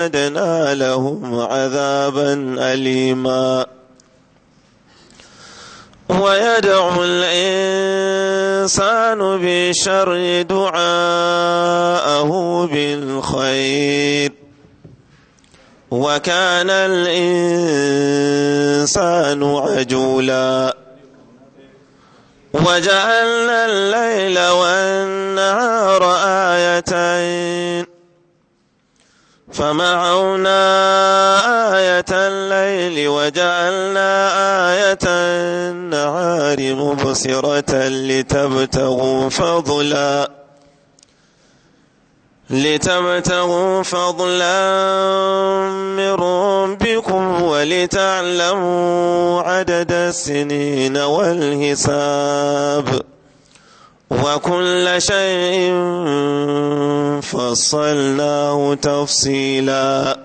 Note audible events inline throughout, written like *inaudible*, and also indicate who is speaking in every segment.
Speaker 1: أعتدنا لهم عذابا أليما ويدعو الإنسان بشر دعاءه بالخير وكان الإنسان عجولا وجعلنا الليل والنهار آيتين فمعونا آية الليل وجعلنا آية النهار مبصرة لتبتغوا فضلا لتبتغوا فضلا من ربكم ولتعلموا عدد السنين والحساب وكل شيء فصلناه تفصيلا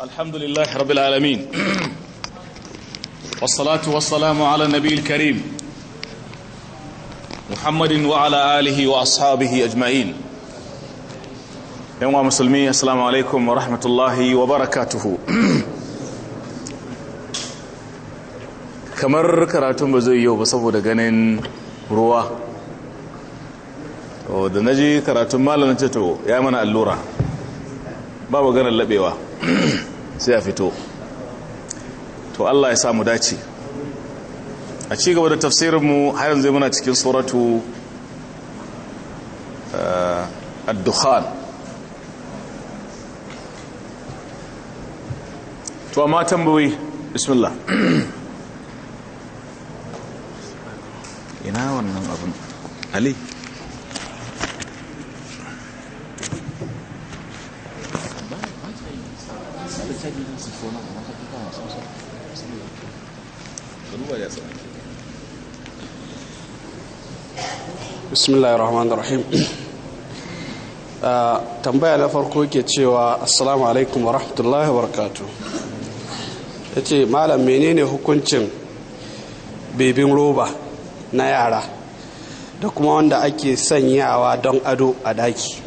Speaker 2: الحمد لله رب العالمين والصلاة والسلام على النبي الكريم محمد وعلى آله وأصحابه أجمعين يوم مسلمين السلام عليكم ورحمة الله وبركاته kamar karatun ba zai yau ba saboda ganin ruwa da na ji karatun malar ce to ya mana allura ba maganar labewa *clears throat* sai a fito to Allah ya samu dace a ci gaba da tafsirinmu har yanzu muna cikin suratu eh, ad-dukhan to amma tambayoyi bismillah *clears throat* wannan abin ali
Speaker 3: bismillahir rahmanir rahim *coughs* ah, tambaya na farko ke cewa assalamu alaikum wa rahmatullahi wa barakatuh yace malam menene hukuncin bebin roba na yara da kuma wanda ake sanyawa don ado a daki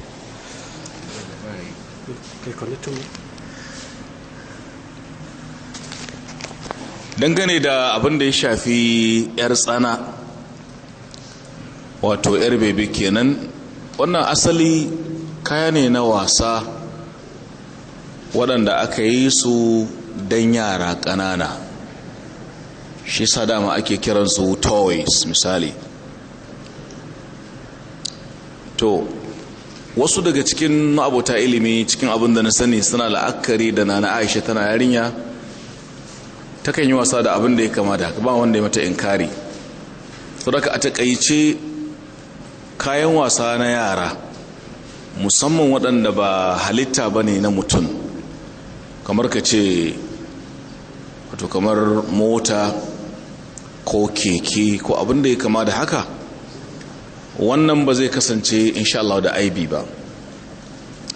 Speaker 2: dangane da abin da ya shafi 'yar tsana wato 'yar bebe kenan wannan asali kaya ne na wasa waɗanda aka yi su don yara ƙanana shi sa dama ake kiransu toys misali to wasu daga cikin ma'abota ilimi cikin abin da na sani suna la'akari da na na aisha tana yarinya takan yi wasa da abin da ya kama da ba wanda ya mata inkari daga a takaice kayan wasa na yara musamman waɗanda ba halitta ba ne na mutum kamar ka ce wato kamar mota ko keke ko abin da ya kama da haka wannan ba zai kasance insha Allah da aibi ba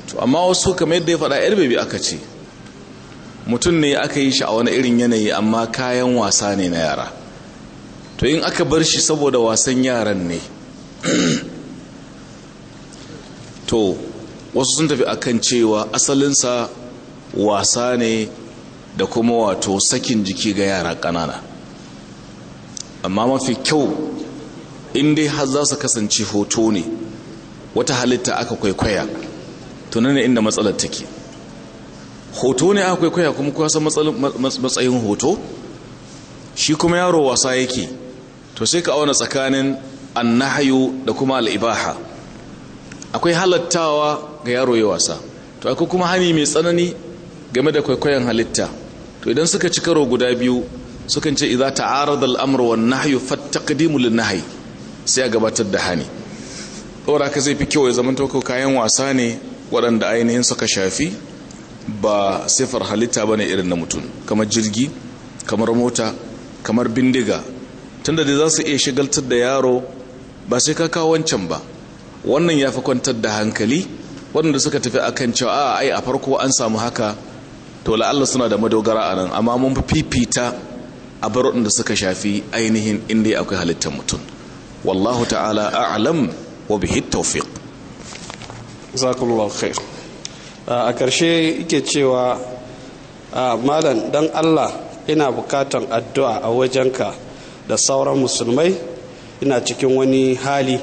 Speaker 2: to amma wasu kamar yadda ya faɗa yar bebe aka ce mutum ne aka yi shi a wani irin yanayi amma kayan wasa ne na yara to in aka bar shi saboda wasan yaran ne *clears throat* to wasu sun tafi akan cewa asalinsa wasa ne da kuma wato sakin jiki ga yara ƙanana amma mafi kyau in dai har za su kasance hoto ne wata halitta aka kwaikwaya tunan inda matsalar take hoto ne aka kwaikwaya kuma kuwa san matsayin hoto shi kuma yaro wasa yake to sai ka auna tsakanin annahayu da kuma al'ibaha akwai halattawa ga yaro ya wasa to akwai kuma hani mai tsanani game da kwaikwayon halitta to idan suka ci karo guda biyu sukan ce idza ta'arada al amru wan nahyu nahy fa taqdimu lin-nahy sai a gabatar da hani saboda ka zai fi kyau ya zaman to kayan wasa ne waɗanda ainihin suka shafi ba sifar halitta bane irin na mutum kamar jirgi kamar mota kamar bindiga tunda da za su iya shigaltar da yaro ba sai ka kawo wancan ba wannan ya fi kwantar da hankali waɗanda suka tafi akan cewa a ai a farko an samu haka to la'alla suna da madogara a nan amma mun fi fifita a bar waɗanda suka shafi ainihin inda akwai halittar mutum wallahu ta'ala a'lam wa bihi tawfiq jazakallahu khair
Speaker 3: a ƙarshe yake cewa malam dan Allah ina bukatan addu'a a wajenka da sauran musulmai ina cikin wani
Speaker 2: hali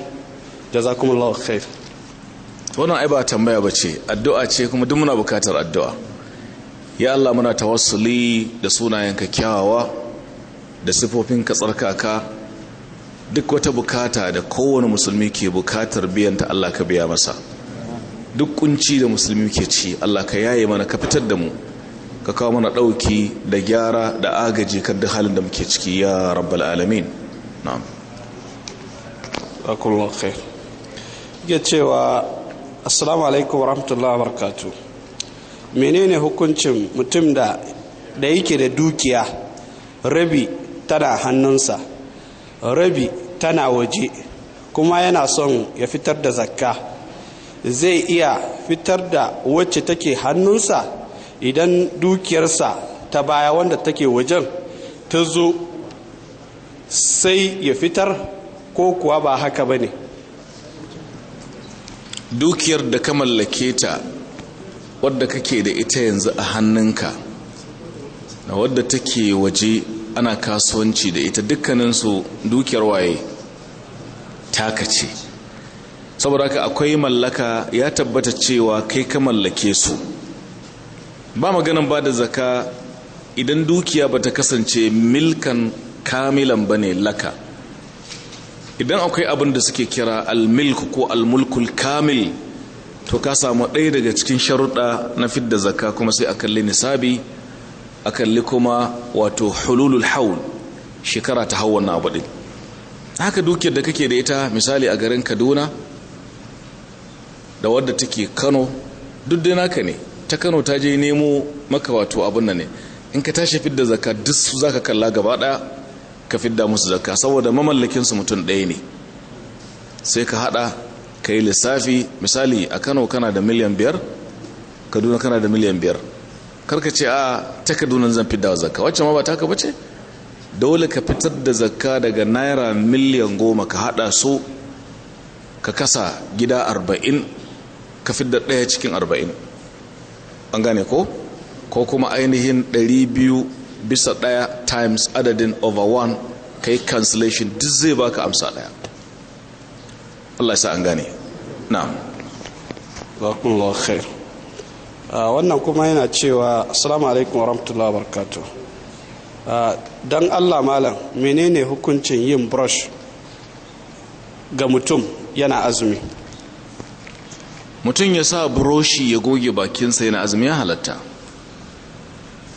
Speaker 2: jazakumullahu khair wannan ai ba tambaya bace addu'a ce kuma duk muna bukatar addu'a ya Allah muna tawassuli da sunayen kyawawa da sifofin ka tsarkaka duk wata bukata da kowane musulmi ke bukatar biyan ta Allah ka biya masa duk kunci da musulmi ke ci Allah ka yaye mana ka fitar da mu ka kawo mana dauki da gyara da agaji kan duk halin da muke ciki ya rabbal alamin na'am
Speaker 3: akullahu khair ya cewa assalamu alaikum warahmatullahi wabarakatuh menene hukuncin mutum da da yake da dukiya rabi tana hannunsa rabi tana waje kuma yana son ya fitar da zakka zai iya fitar da wacce take hannunsa idan dukiyarsa ta baya wanda take wajen
Speaker 2: ta zo sai ya fitar ko kuwa ba haka ba ne dukiyar da ka mallake ta wadda kake da ita yanzu a hannunka na wadda take waje ana kasuwanci da ita dukkaninsu dukiyar waye taka ce saboda haka akwai mallaka ya tabbata cewa kai ka mallake su ba maganan ba da zaka idan dukiya ba ta kasance milkan kamilan ba ne laka idan akwai abin da suke kira almilku ko almulkul kamil to ka samu ɗaya daga cikin sharuɗa na fidda zaka kuma sai a kalli nisabi a kalli kuma wato hululul haul shekara ta hau wannan abu ɗin haka dukiyar da kake da ita misali a garin kaduna da wadda take kano duk dai naka ne ta kano ta je nemo maka wato abin nan ne in ka tashi fidda zakka duk za ka kalla gaba ɗaya ka fidda musu zakka saboda mamallakin su mutum ɗaya ne sai ka haɗa ka yi lissafi misali a kano kana da miliyan biyar kaduna kana da miliyan biyar karka ce a takardunan zan fidda zakka wacce ma ba taka bace dole ka fitar da zakka daga naira miliyan goma ka hada su ka kasa gida arba'in ka fidda ɗaya cikin arba'in an gane ko ko kuma ainihin ɗari biyu bisa ɗaya times adadin over one ka yi cancellation duk zai baka amsa ɗaya Allah ya sa an gane na'am zakumullahu khair
Speaker 3: Ah, wannan kuma yana cewa assalamu alaikum wa rahmatullahi wa barakatuh ah, don allah malam menene hukuncin yin brush ga
Speaker 2: mutum yana azumi mutum ya sa buroshi ya goge bakinsa yana azumi ya halatta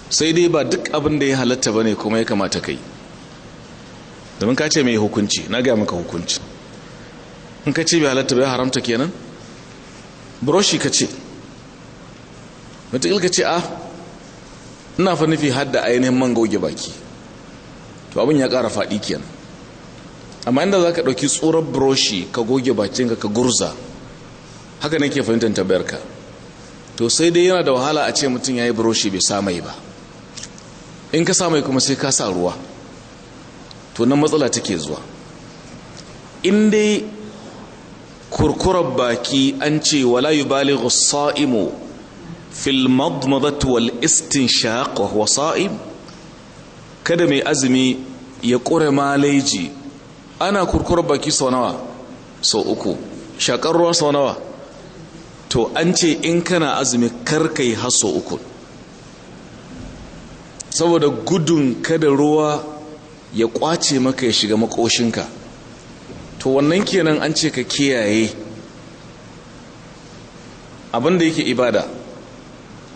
Speaker 2: sai dai ba duk abin da ya halatta ba ne kuma ya kamata kai domin ka ce mai hukunci na gaya maka hukunci in ka ce bai halatta bai haramta kenan buroshi ka ce matuƙil ka ce a ah, ina fa nufi hadda ainihin man goge baki to abin ya kara faɗi kenan amma inda za ka ɗauki tsoron buroshi ka goge bakinka ka gurza haka nake fahimtar ka to sai dai yana da wahala a ce mutum ya yi buroshi bai sa mai ba in ka sa mai kuma sai ka sa ruwa to nan matsala take zuwa in dai kurkurar baki an ce wala yi bali sa'imu في المضمضة والاستنشاق wa صائم kada mai azumi ya kure maleji ana kurkurar baki sau nawa sau uku shakar ruwa sau nawa to an ce in kana azumi karkai har sau uku saboda gudun kada ruwa ya kwace maka ya shiga makoshinka to wannan kenan an ce ka kiyaye abinda yake ibada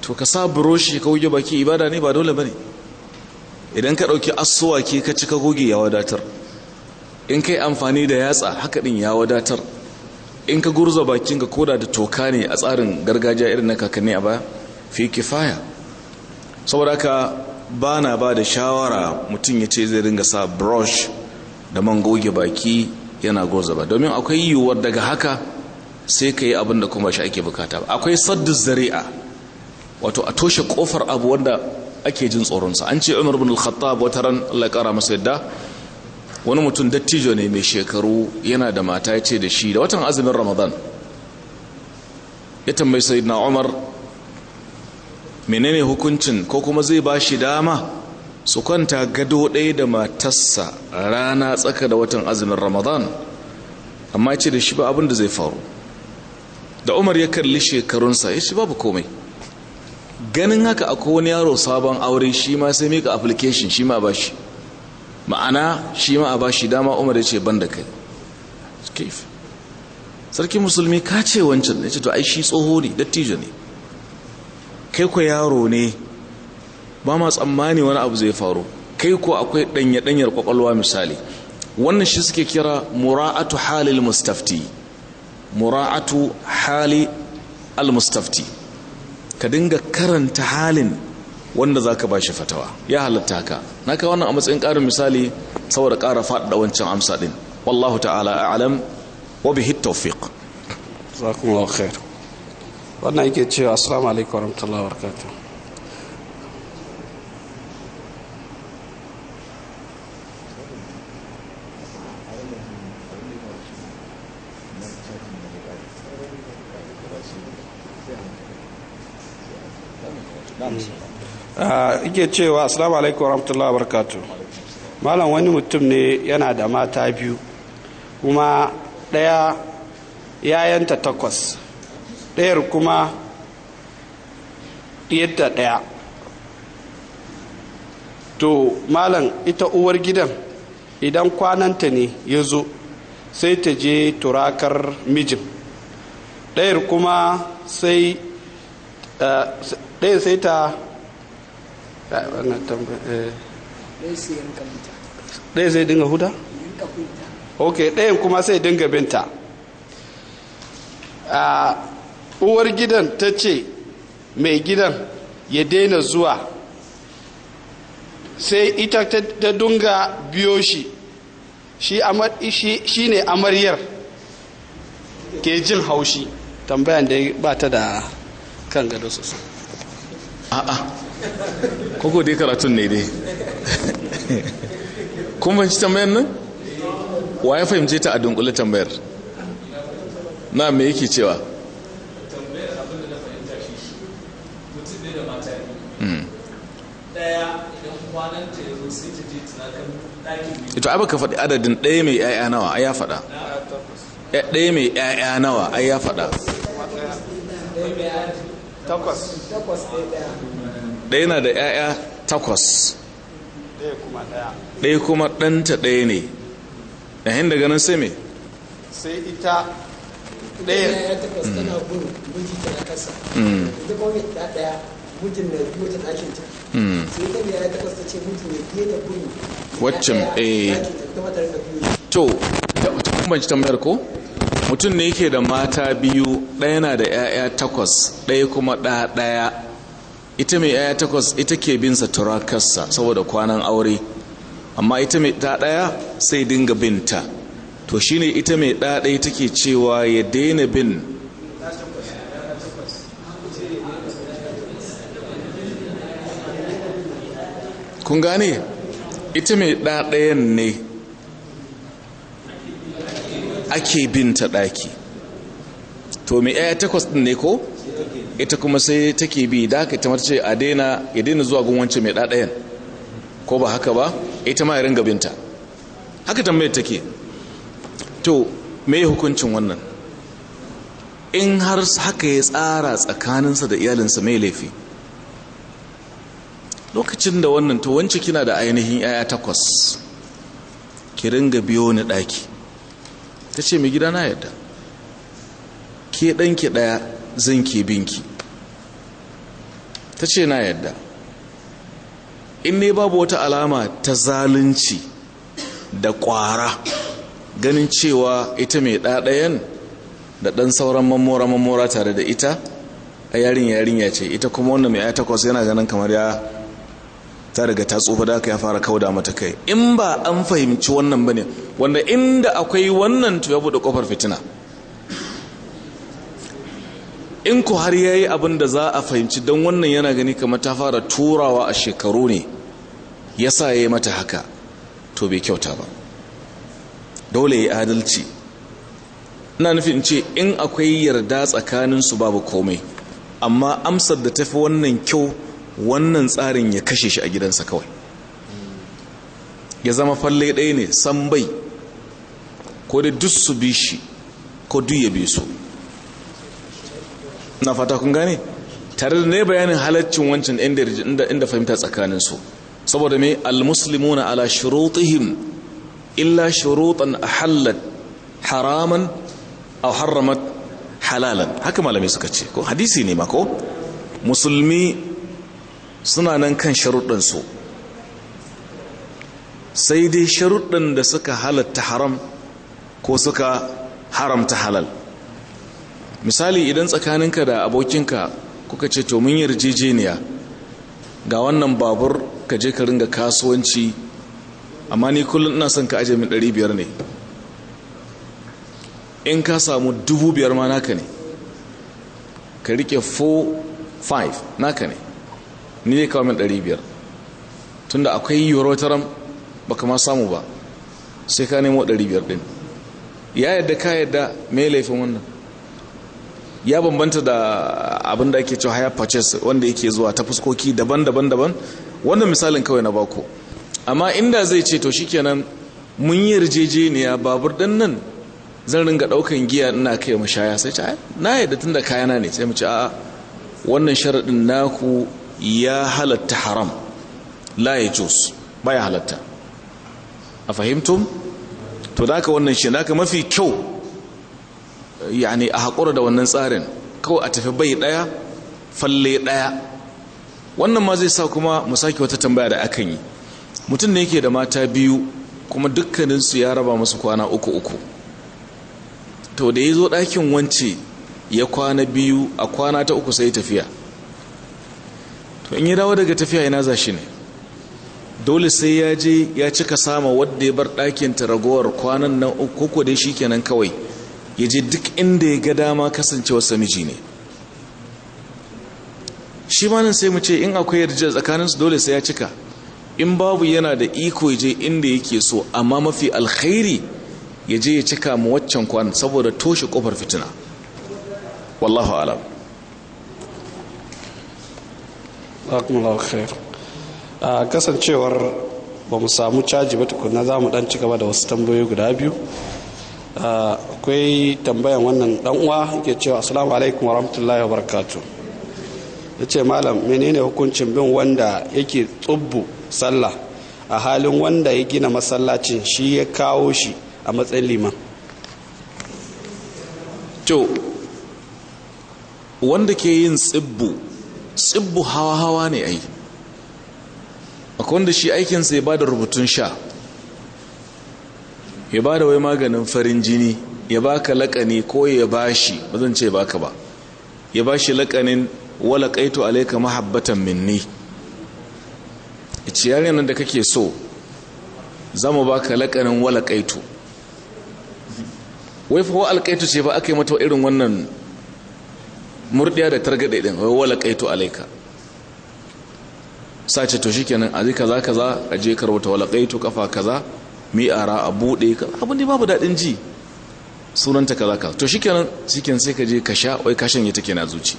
Speaker 2: to ka sa buroshi ka goge baki ibada ne ba dole bane idan ka dauki ke ka ci goge ya wadatar in kai amfani da yatsa haka din ya wadatar in ka gurza bakin ka koda da toka ne a tsarin gargajiya irin na kakanni a baya fi kifaya saboda haka ba na ba da shawara mutum ya ce zai ringa sa brush da man goge baki yana goza ba domin akwai yiwuwar daga haka sai ka yi abin da kuma shi ake bukata akwai saddu zari'a wato a toshe kofar abu wanda ake jin tsoronsa an ce umar bin al-khattab wata ran Allah kara masa yadda wani mutum dattijo ne mai shekaru yana da mata ya ce da shi da watan azumin ramadan ya tambayi sayyidina umar menene hukuncin ko kuma zai ba shi dama su kwanta gado ɗaya da matarsa rana tsaka da watan azumin ramadan amma ya ce da shi ba abin da zai faru da umar ya kalli shekarunsa ya ce babu komai ganin haka akwai wani yaro sabon aure shi ma sai mika application shi ma ba shi ma'ana shi ma a ba shi dama umar ya ce ban da kai sarki musulmi ka ce wancan ya ce to ai shi tsoho ne dattijo ne kai ko yaro ne ba ma tsammani wani abu zai faru kai ko akwai danya-danyar kwakwalwa misali wannan shi suke kira mura'atu halil mustafti mura'atu hali al-mustafti ka dinga karanta halin wanda za ka ba shi fatawa ya halatta haka na kawo wannan a matsayin ƙarin misali saboda ƙara faɗaɗa wancan amsa ɗin wallahu ta'ala a'lam wa bihi tawfiq zakumullahu khair wannan yake cewa assalamu
Speaker 3: alaikum warahmatullahi wabarakatuh ike eh, cewa assalamu alaikum wa barakatu malam wani mutum ne yana da mata biyu kuma ɗaya yayanta takwas ɗayar kuma ɗiyarta ɗaya to malam ita uwar gidan idan kwananta ne ya zo sai ta je turakar mijin ɗayar kuma sai eh, ɗaya sai ta eh. ɗaya sai dinga huta? ok ɗayan kuma sai dinga binta a uwar gidan ta ce mai gidan ya daina zuwa sai ita ta dunga biyo shi shi ne amaryar ke jin haushi tambayan da ba ta da kan gado
Speaker 2: sosai a'a koko dai karatun ne dai kun fahimci tambayar nan wa ya fahimce ta a dunkule tambayar na me yake cewa ita abu ka faɗi adadin ɗaya mai ‘ya'ya nawa ai ya faɗa ɗaya mai ‘ya'ya nawa ai ya faɗa
Speaker 3: takwas
Speaker 2: ɗaya na da 'ya'ya takwas ɗaya kuma ɗanta ɗaya ne da hin daga nan sai me
Speaker 3: sai ita ɗaya ya takwas tana miji kasa
Speaker 2: ta mm. ɗaya mijin na biyu ta ɗakin ta mm. sai ita mai ya takwas ta ce mijin ya biye da guru waccan eh to ta kumbanci tambayar ko mutum ne yake da mata biyu ɗaya na da 'ya'ya takwas ɗaya kuma ɗaya ɗaya ita mai 'ya'ya takwas ita ke binsa turakarsa saboda kwanan aure amma ita mai ɗa ɗaya sai dinga binta to shine ita mai ɗa ɗaya take cewa ya daina bin kun gane ita mai ɗa ne ake bin ta ɗaki to mai yaya takwas ɗin ne ko ita kuma sai take bi da haka ita mace a daina ya daina zuwa gunwance mai ɗaɗayan ko ba haka ba ita ma ya ringa binta haka tambayar take to mai hukuncin wannan in har haka ya tsara tsakaninsa da iyalinsa mai laifi lokacin da wannan to wance kina da ainihin yaya takwas ki ringa biyo ni ɗaki ta ce mai gida na yadda ke ɗanki ɗaya zan ke binki ta ce na yadda in ne babu wata alama ta zalunci da ƙwara ganin cewa ita mai ɗaɗayan da ɗan sauran mamora-mamora tare da ita a yarin yarinya ce ita kuma wanda mai ya takwas yana ganin kamar ya ta riga ta tsufa da aka ya fara kauda mata kai in ba an fahimci wannan bane wanda inda akwai wannan to ya bude kofar fitina in ku har yayi abin da za a fahimci don wannan yana gani kamar ta fara turawa a shekaru ne yasa yayi mata haka to bai kyauta ba dole yi adalci ina in ce in akwai yarda tsakanin su babu komai amma amsar da tafi wannan kyau wannan tsarin ya kashe shi a gidansa kawai ya zama falle ɗaya ne san bai ko da duk su bi shi ko duk ya bi su na fata kun gane tare da ne bayanin halaccin wancan inda fahimta tsakanin su saboda mai almuslimuna ala shurutihim illa shurutan ahallat haraman aw haramar halalan haka malamai suka ce ko hadisi ne ma ko musulmi suna nan kan su sai dai sharuɗin da suka halatta haram ko suka haramta halal misali idan tsakaninka da abokinka kuka ce to mun yarjejeniya ga wannan babur ka je ka ringa kasuwanci amma ni kullum ina son ka aje min 500 ne in ka samu 5000 ma naka ne ka rike 4-5 naka ne ni zai kawo min ɗari biyar tunda akwai yiwuwar wata ran ba ma samu ba sai ka nemo ɗari biyar ɗin ya yadda ka yadda me laifin wannan ya bambanta da abin da ake cewa haya purchase wanda yake zuwa ta fuskoki daban-daban daban wannan misalin kawai na bako amma inda zai ce to shikenan mun yi yarjejeniya babur dan nan zan ringa daukan giya ina kai mashaya sai ce na yadda tun kayana ne sai mu ce a'a wannan sharaɗin naku ya halatta haram la ya jos ya halatta a fahimtum to da wannan shi naka mafi kyau yani a haƙura da wannan tsarin kawai a tafi bai ɗaya falle ɗaya wannan ma zai sa kuma mu sake wata tambaya da akan yi mutum ne yake da mata biyu kuma dukkaninsu ya raba masu kwana uku uku to da ya zo ɗakin wance ya kwana biyu a kwana ta uku sai tafiya to in yi dawo daga tafiya ina za shi ne dole sai ya je ya cika sama wadda ya bar ɗakin ta ragowar kwanan na uku ko dai shi kenan kawai ya je duk inda ya ga dama kasance wasu miji ne shi ma nan sai mu ce in akwai tsakanin tsakaninsu dole sai ya cika in babu yana da iko je inda yake so amma mafi alkhairi ya je ya cika mu waccan kwanan saboda toshe kofar fitina wallahu alam a kasancewar ba mu
Speaker 3: samu caji ba tukuna za mu dan ci gaba da wasu tambayoyi guda biyu akwai tambayan wannan dan uwa yake cewa assalamu alaikum wa rahmatullahi wa ya ce malam menene hukuncin bin wanda yake tsubbu sallah a halin wanda ya gina masallacin shi ya kawo shi a matsayin liman
Speaker 2: to wanda ke yin tsibbu tsibbu hawa-hawa ne ai akwai wanda shi aikinsa ya ba da rubutun sha ya ba da wai maganin farin jini ya baka laƙani ko ya bashi ba zan ce baka ba ya bashi laƙanin wala alaika mahabbatan minni ciyar yanar da kake so za mu baka laƙanin wala ƙaito wai fa alƙaito ce ba aka yi mata irin wannan murdiya da targade din wai wala kaitu Sa sace to shikenan a zika za kaza a je karwata wala kaitu kafa kaza mi ara a bude ka abin da babu dadin ji sunanta kaza kaza to shikenan shikenan sai ka je ka sha wai kashin ya take na zuci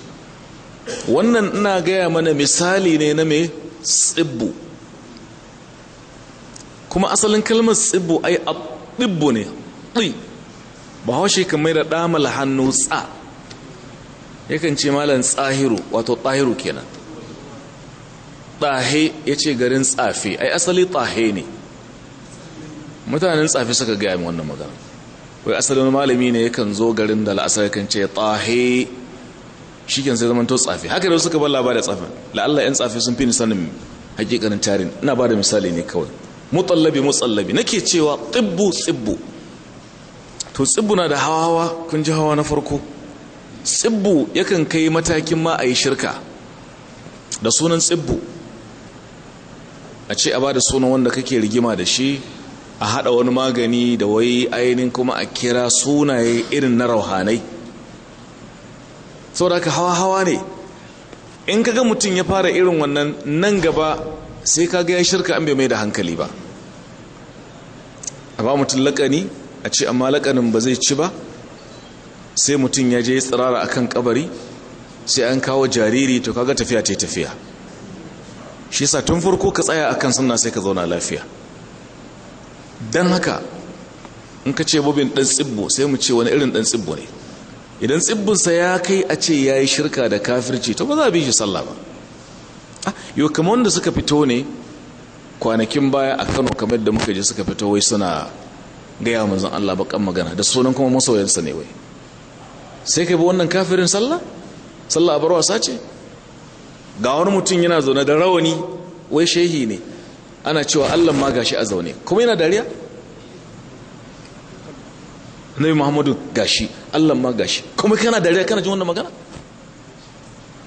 Speaker 2: wannan ina gaya mana misali ne na me tsibbu kuma asalin kalmar tsibbu ai a ne ɗi ba shi kamar da ɗamala hannu tsa yakan ce malam tsahiru wato tsahiru kenan tsahe ya ce garin tsafe ai asali tsahe ne mutanen tsafe suka gaya min wannan magana wai asalin malami ne yakan zo garin da la'asar kan ce tsahe shi sai to tsafe haka da suka bar labarin tsafin la'alla 'yan tsafe sun fi ni sanin hakikanin tarin ina ba da misali ne kawai mutallabi mutallabi nake cewa tsibbu tsibbu to tsibbu na da hawa hawa kun ji hawa na farko tsibbu yakan kai matakin ma a yi shirka da sunan tsibbu a ce a ba da sunan wanda kake rigima da shi a haɗa wani magani da wai ainihin kuma a kira sunaye irin na rauhanai saboda ka hawa-hawa ne in kaga mutum ya fara irin wannan nan gaba sai ka ya shirka an bai mai da hankali ba a ba mutum laƙani a ce amma lakanin ba zai ci ba sai mutum ya je tsirara akan kabari sai an kawo jariri to kaga tafiya yi tafiya shi sa tun farko ka tsaya akan sunna sai ka zauna lafiya dan haka in ka ce bobin dan tsibbo sai mu ce wani irin dan tsibbo ne idan tsibbinsa ya kai a ce ya yi shirka da kafirci to ba za a bi shi sallah ba ah, yau kamar wanda suka fito ne kwanakin baya a kano kamar da muka je suka fito wai suna gaya manzon Allah bakan magana da sunan kuma masoyansa ne wai sai ka bi wannan kafirin sallah sallah a barwasa ce ga wani mutum yana zaune da rawani wai shehi ne ana cewa allan ma gashi a zaune kuma yana dariya nabi muhammadu gashi allan ma gashi kuma kana dariya kana jin wannan magana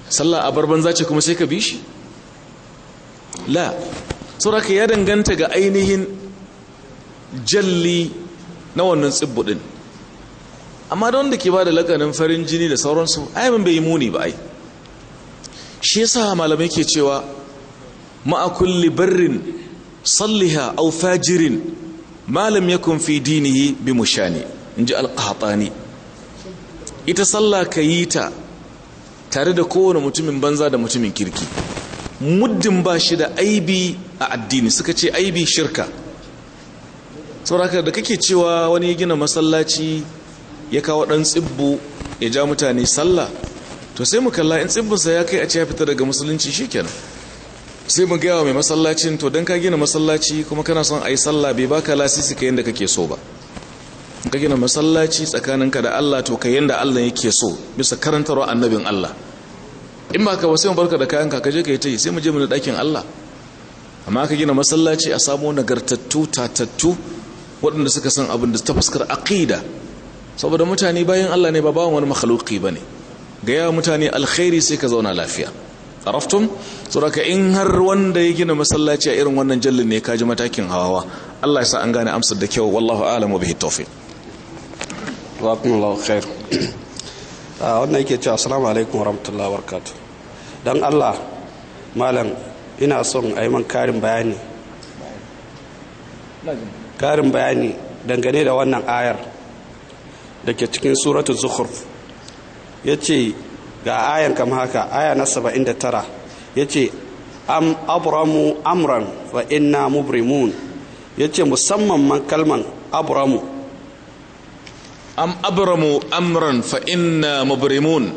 Speaker 2: sallah a barban zace kuma sai ka bi shi la sauraka ya danganta ga ainihin jalli na wannan tsibbu amma da wanda ke ba da lakanin farin jini da sauransu ayyamin bai yi muni ba ai shi yasa malamai ke cewa ma'akulli kulli barrin salliha aufajirin fajirin malam yakun fi dinihi bi mushani ji alqahtani ita sallah kayi ta tare da kowane mutumin banza da mutumin kirki muddin ba shi da aibi a addini suka ce aibi shirka sauraka da kake cewa wani gina masallaci ya kawo dan tsibbu ya ja mutane sallah to sai mu kalla in tsibbinsa ya kai a ce ya fita daga musulunci shikenan sai mu gaya wa mai masallacin to don ka gina masallaci kuma kana son a yi sallah bai baka lasisi ka yadda kake so ba ka gina masallaci tsakaninka da Allah to ka yadda Allah yake so bisa karantarwa annabin Allah in baka ka ba sai mu barka da kayan ka je ka yi ta yi sai mu je mu na ɗakin Allah amma ka gina masallaci a samo nagartattu tatattu waɗanda suka san abin da ta fuskar aƙida saboda mutane bayan Allah ne ba bawan wani makhluki bane ga yawa mutane alkhairi sai ka zauna lafiya araftum saboda in har wanda ya gina masallaci a irin wannan jallin ne ka ji matakin hawawa Allah ya sa an gane amsar da kyau wallahu a'lamu bihi tawfiq jazakumullahu khair ah, wannan yake cewa assalamu alaikum warahmatullahi wabarakatuh dan
Speaker 3: Allah malam ina son a yi man karin bayani karin bayani dangane da wannan ayar da ke cikin suratun zukhruf ya ce ga ayan kama haka aya na 79 ya ce am abramu amran wa inna mubrimun
Speaker 2: ya ce musamman man kalman abramu am abramu amran fa inna mubrimun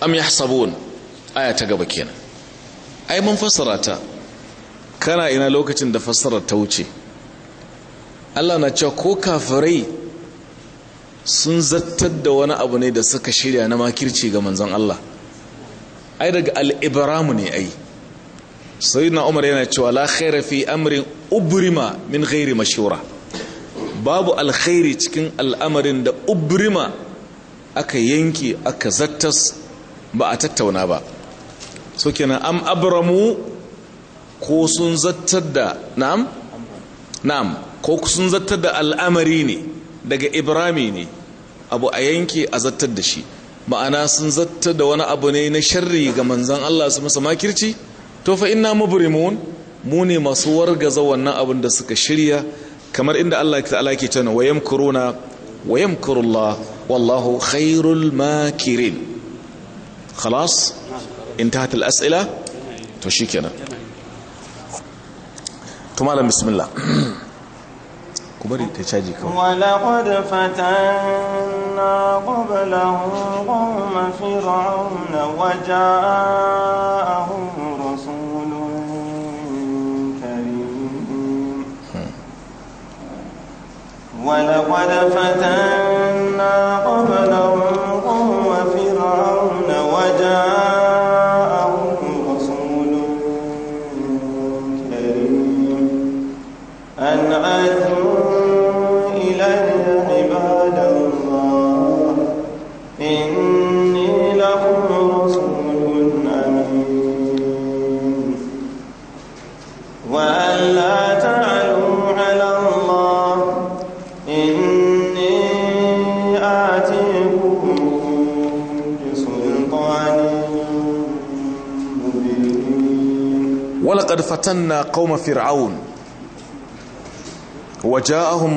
Speaker 2: am yahsabun aya ta gaba kenan ai mun fassara ta kana ina lokacin da fassara ta wuce Allah na cewa ko kafirai sun zattar da wani abu ne da suka shirya na makirci ga manzon Allah ai daga al'ibramu ne ai sayyidina umar yana cewa la khaira fi amrin ubrima min ghairi mashura babu alkhairi cikin al'amarin da ubrima aka yanke aka zattas ba a tattauna ba so kenan am abramu ko sun zattar da na'am na'am ko sun zattar da al'amari ne daga ibrami ne abu a yanke a zattar da shi ma'ana sun zattar da wani abu ne na sharri ga manzan Allah su masa makirci to fa inna mubrimun mu ne masu wargaza wannan abin da suka shirya kamar inda Allah ta'ala ke cewa wa yamkuruna wa yamkurullah wallahu khairul makirin خلاص انتهت الأسئلة تشيكنا تمالا بسم الله بري تشاجي كو
Speaker 1: ولقد فتنا قبلهم قوم فرعون وجاءهم رسول كريم ولقد فتنا قبلهم قوم فرعون وجاءهم
Speaker 2: laqad fatanna qauma fir'aun wa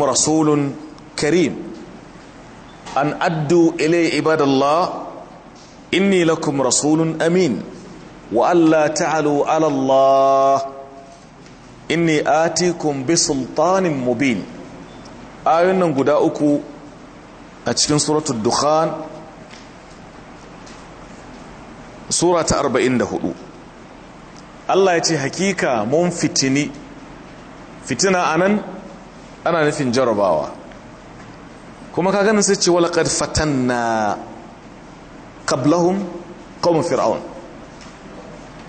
Speaker 2: rasulun karim an addu ilay ibadallah inni lakum rasulun amin wa alla ta'alu ala Allah inni atikum bi sultanin mubin ayun nan guda uku a cikin suratul surata sura da 44 Allah ya ce hakika mun fitini fitina anan ana nufin jarabawa kuma ka ganin sai ce walaqad fatanna qablahum qawm fir'aun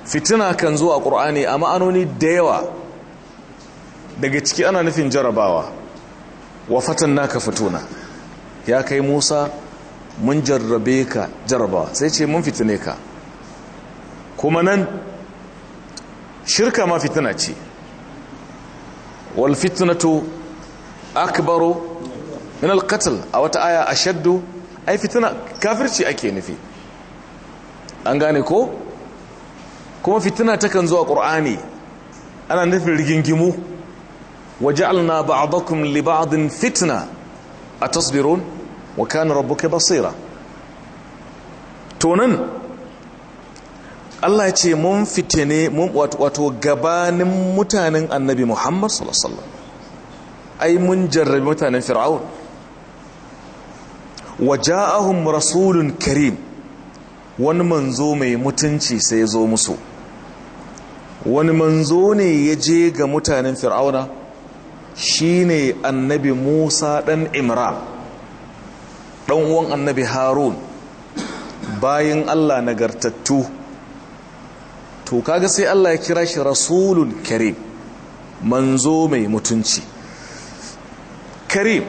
Speaker 2: fitina kan zo a qur'ani a ma'anoni da yawa daga ciki ana nufin jarabawa wa naka fatuna ya kai Musa mun jarrabe ka jarabawa sai ce mun fitine ka kuma nan shirka ma fitina ce wal fitnatu akbaru min al qatl a wata aya ashaddu ay fitina kafirci ake nufi an gane ko kuma fitina takan zo a qur'ani ana nufin rigingimu waja'alna ba'dakum li ba'din fitna atasbirun wa kana rabbuka basira to nan Allah ya ce mun fitine mun wato gabanin mutanen annabi Muhammad sallallahu alaihi ai mun jarrabi mutanen fir'aun ja'ahum rasulun karim wani manzo mai mutunci sai ya zo musu wani manzo ne ya je ga mutanen fir'auna shine annabi Musa dan Imra, dan uwan annabi Harun bayan Allah nagartattu to kaga sai Allah ya kira shi rasulun karim manzo mai mutunci karim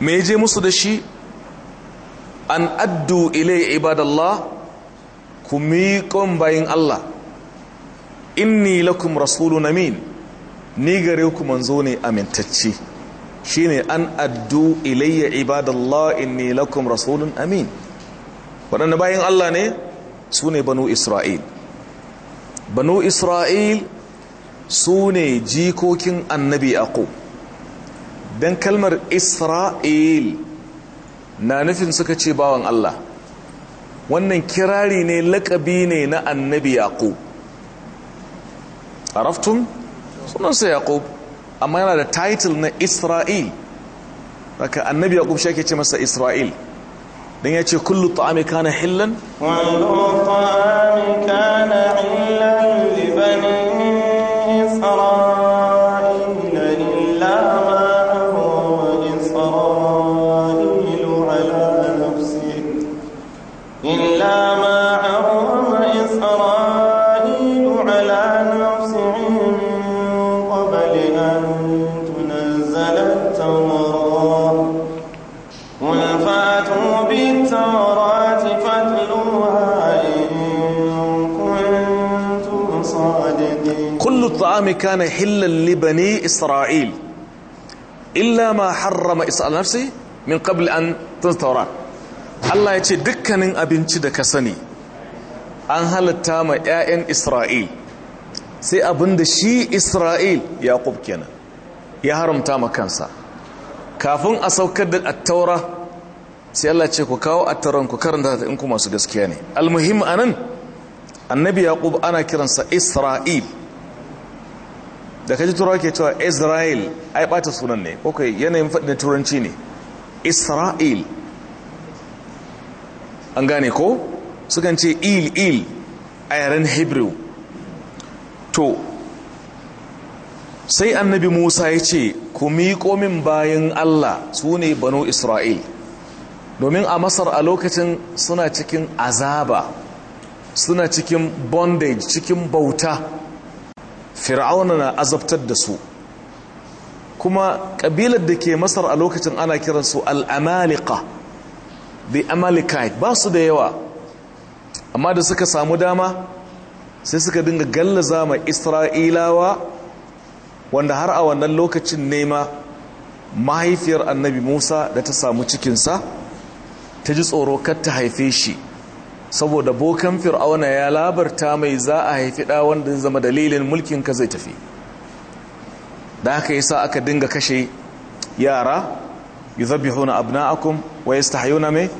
Speaker 2: me je musu da shi an addu ilai ibadallah ku miƙon bayin Allah inni lakum rasulun amin ni gare ku manzo ne amintacce shine an addu ilayya ibadallah inni lakum rasulun amin waɗanda bayin Allah ne su ne banu isra'il banu isra'il su ne jikokin annabi yaqub don kalmar isra'il na nufin suka ce bawan Allah wannan kirari ne lakabi ne na annabi yaqub araftun sunansa yaqub amma yana da title na isra'il haka annabi yaqub shi ake ce masa isra'il dan ya ce kullu ta'ami kana hillan kullu ta'ami kana hillan الحرام كان حلا لبني إسرائيل إلا ما حرم إسرائيل نفسه من قبل أن تنتورا الله يتي دكان أبنتي دكسني أن هل تام يائن إسرائيل سي أبند شي إسرائيل كينا ya haramta ma kansa kafin a saukar da attaura sai Allah ce ku kawo attauran ku karanta ta inku masu gaskiya ne almuhim anan annabi yaqub ana kiransa isra'il da kaji turawa ke cewa israel ai bata sunan ne ko kai yanayin faɗin turanci ne israel an gane ko su kan ce il il a yaren hebrew to sai annabi musa ya ce ku miƙo min bayan allah su ne banu isra'il domin a masar a lokacin suna cikin azaba suna cikin bondage cikin bauta fir'auna na azabtar da su kuma kabilar da ke masar a lokacin ana kiransu al'amalika the amalekite ba su da yawa amma da suka samu dama sai suka dinga gallaza ma isra'ilawa wanda har a wannan lokacin nema mahaifiyar annabi musa da ta samu cikinsa ta ji tsoro kar ta haife shi saboda bokan fir'auna ya labarta mai za a haifi ɗa wanda zama dalilin mulkin ka zai tafi da haka sa aka dinga kashe yara yi yuzabihuna abna'akum wa yastahiyuna mai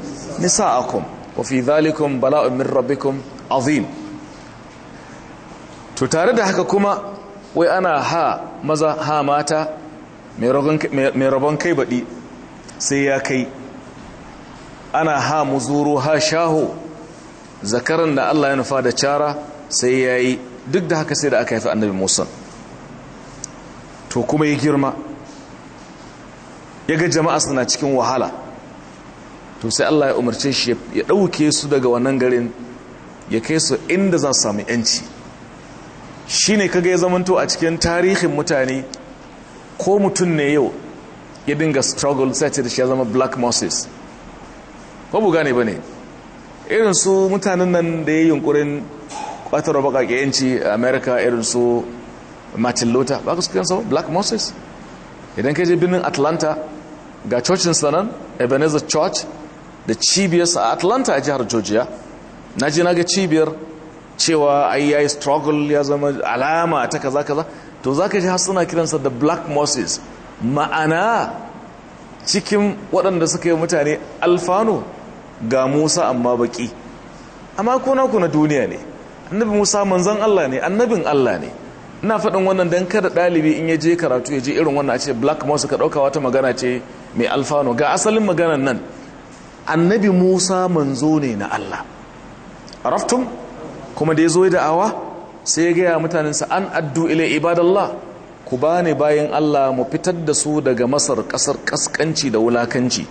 Speaker 2: akum wa fi zalikun bala'un min rabikun azim to tare da haka kuma wai ana ha maza ha mata mai rabon kai baɗi sai ya kai ana ha muzuru ha shaho zakaran da Allah ya nufa da cara sai ya yi duk da haka sai da aka haifi annabi musa to kuma ya girma ya jama'a suna cikin wahala to sai Allah ya umarce shi ya ɗauke su daga wannan garin ya kai su inda za su sami yanci shi ne kaga ya zamanto a cikin tarihin mutane ko mutum ne yau ya dinga struggle sai ce da shi ya zama black moses ko bu gane ba ne irin su mutanen nan da ya yi yunkurin kwatarwa bakake yanci a america irin su martin luther ba ka su kansa black moses idan ka je birnin atlanta ga cocin sanan ebenezer church da sa a atlanta a jihar georgia na je na ga cibiyar cewa ai ya yi struggle ya zama alama ta kaza kaza to za ka ji har suna kiransa da black moses ma'ana cikin waɗanda suka yi mutane alfano ga musa amma baki amma kuna ku na duniya ne annabi musa manzan allah ne annabin allah ne ina faɗin wannan don kada ɗalibi in yaje karatu ya je irin wannan a ce black mouse ka ɗauka wata magana ce mai alfano ga asalin maganan nan annabi musa manzo ne na allah Raftun kuma da ya zo da awa sai ya gaya mutanensa an addu ila ibadallah ku bani bayan allah mu fitar da su daga masar kasar ƙaskanci da wulakanci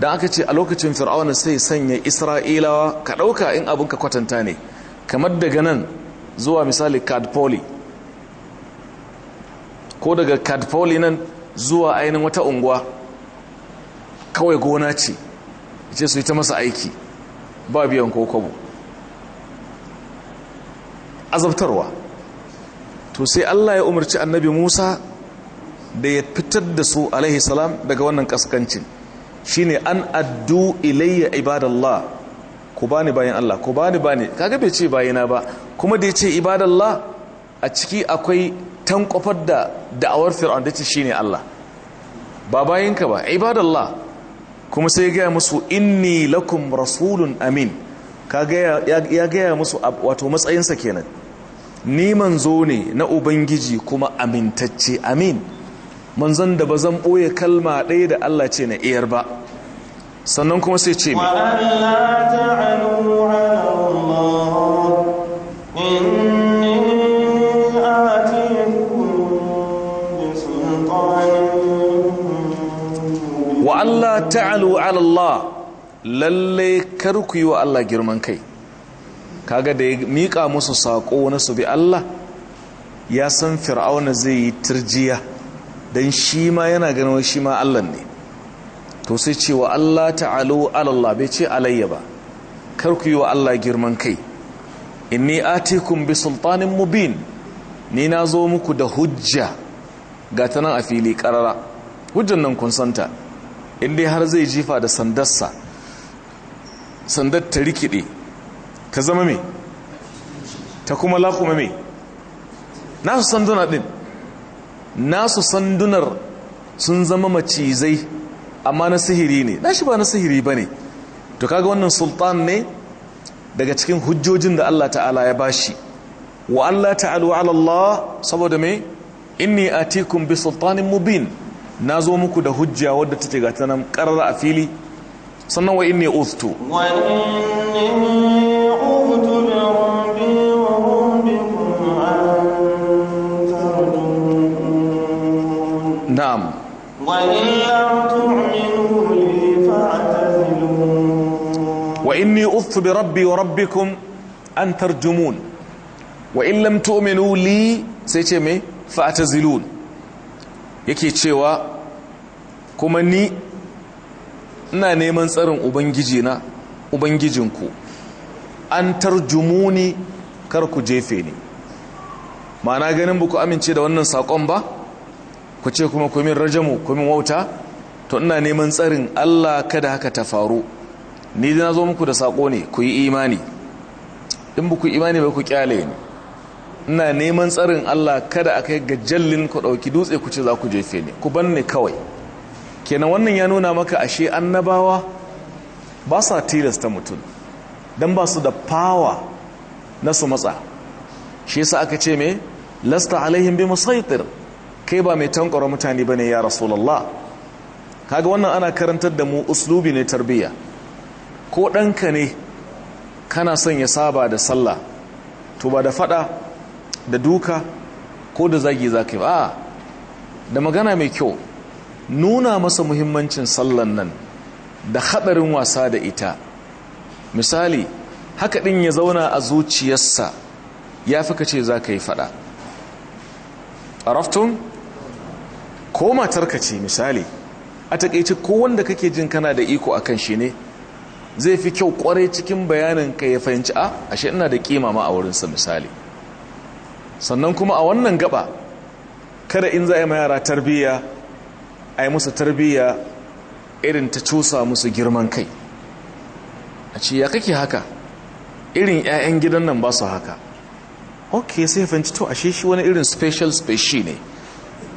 Speaker 2: don aka ce a lokacin fir'auna sai sanya isra'ilawa ka ɗauka in abin ka kwatanta ne kamar daga nan zuwa misali kadpoli ko daga kadpoli nan zuwa ainihin wata unguwa kawai gona ce ce su yi ta masa aiki ba biyan kokobo azabtarwa to sai Allah ya umarci annabi Musa da ya fitar da su alaihi salam daga wannan kaskancin shine an addu ilayya ibadallah ku bani bayan Allah ku bani bani kaga bai ce bayina ba kuma da yace ibadallah a ciki akwai tankofar da da'awar fir'aun da ce shine Allah ba bayinka ba ibadallah kuma sai ya gaya musu inni lakum rasulun amin kaga ya gaya musu wato matsayinsa kenan ni manzo ne na ubangiji kuma amintacce amin manzon da ba zan ɓoye kalma ɗaya da Allah ce na iyar ba sannan kuma sai ce mai wa Allah ta'alu ala Allah lalle kar yi wa Allah girman kai kaga da ya miƙa musu sako na su bi Allah ya san fir'auna zai yi turjiya don shi ma yana ganin shi ma Allah ne to sai ce wa Allah ta'alu alallah bai ce alayya ba kar ku yi wa Allah girman kai inni atikum bi sultanin mubin ni na zo muku da hujja ga ta nan a fili karara hujjan nan kun santa in dai har zai jifa da sandarsa sandar ta rikide ta zama me ta kuma laƙuma me na su sanduna ɗin nasu sandunar sun zama macizai amma na sihiri ne na shi ba na sihiri ba ne to kaga wannan sultan ne daga cikin hujjojin da Allah ta'ala ya bashi wa Allah ta'ala wa Allah saboda me inni atikum bi sultanin mubin na zo muku da hujja wadda take ga ta nan a fili sannan wa inni ustu na'am wa inni ustu bi rabbi wa rabbikum an tarjumun wa in lam tu'minu li sai ce me fa yake cewa kuma ni ina neman tsarin ubangiji na ubangijinku an tarjumuni kar ku jefe ni ma'ana ganin buku amince da wannan sakon ba ku ce kuma kumin rajamu kumin wauta to ina neman tsarin Allah kada haka ta faru ni dai zo muku da sako ne ku yi imani in ba ku imani ba ku kyale ni ina neman tsarin Allah kada aka ga gajallin ku ɗauki dutse ku ce za ku jefe ni ku ban ne kawai kenan wannan ya nuna maka ashe annabawa ba sa tilasta mutum don ba su da fawa na su matsa shi sa aka ce me lasta alaihim bi musaitir kai ba mai tankwara mutane ba ne ya rasu lalla kaga wannan ana karantar da mu uslubi ne tarbiyya ko ɗanka ne kana son ya saba da sallah to ba da fada da duka ko da zagi zaka yi a da magana mai kyau nuna masa muhimmancin sallan nan da haɗarin wasa da ita misali haka ɗin ya zauna a zuciyarsa ya fi kace ka yi fada raftun ko matar ka ce misali a takaice ko wanda kake jin kana da iko akan shi ne zai fi kyau kwarai cikin bayanin ka ya fahimci a ah, ashe ina da kima ma a wurinsa misali sannan kuma a wannan gaba kada in za a yi ma yara tarbiyya a yi musu tarbiyya irin ta cusa musu girman kai a ce ya kake haka irin 'ya'yan gidan nan ba su haka ok sai fahimci to ashe shi wani irin special speci ne